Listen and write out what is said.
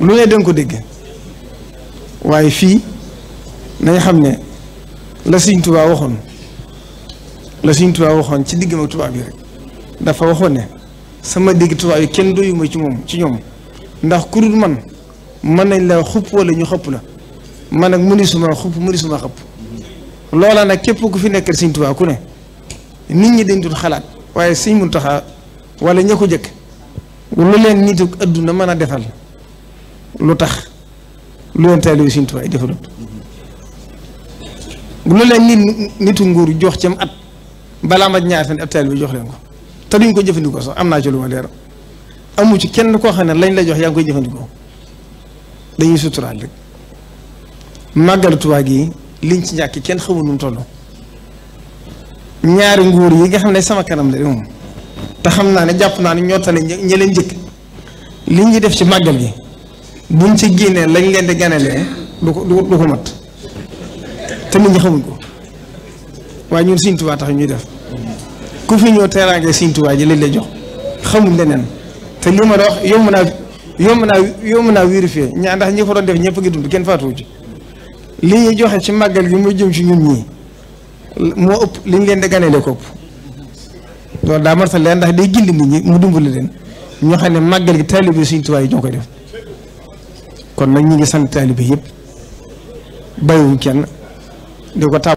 lu ne danga ko dégg waaye fii nañ xam ne la Sëriñ Tuubaa waxoon la Sëriñ Tuubaa waxoon ci digg ma tubaab yi dafa waxoon ne sama dégg tubaab yi kenn doyuma ci moom ci ñoom ndax ku dul man mën nañ la xupp wala ñu xëpp la man nag mëni suma xupp mëni suma xëpp loola nag képp ku fi nekkal Sëriñ Tuubaa ku ne nit ñi dañ dul xalaat waaye Sëriñ taxaa wala ña ko jëkk lu leen nituk adduna mën a defal lu tax lu leen taalibe Sëriñ Tuubaa yi defalut lu leen nit nitu nguur jox cam at balaa mat ñaar fan ab taalibe jox leen ko te duñ ko jëfandikoo sax am naa ci lu ma leer amu ci kenn koo xam ne lañ la jox yaa ngi koy jëfandikoo dañuy suturaal rek màggalu Tuubaa gi liñ ci ñàkk kenn xamul lu mu toll ñaari nguur yi nga xam ne sama kanam la moom te xam naa ne jàpp naa ne ñoo tane ña leen njëkk li ñuy def ci màggal gi. buñ ci génnee lañ leen di ganalee du ko du ko mat te nit ñi xamuñ ko waaye ñun Sëñ Tuubaa tax ñuy def ku fi ñëw teraange Sëñ Tuubaa ji lañ lay jox xamuñ leneen te li ma la wax yomb naa yomb naa yomb naa vérifier ñaa ndax ñi ko doon def ñëpp ngi dund kenn faatuwu ci li ñu joxe ci màggal gi mu jëm ci ñun ñii moo ëpp liñ leen di ganalee ko ëpp loolu daa marta leen ndax day gindi nit ñi mu dimbali leen ñoo xam ne màggal gi taalibe Sëñ Tuubaa yi ñoo koy def kon nag ñi ngi sant taalibe yëpp bàyyiwuñ kenn di ko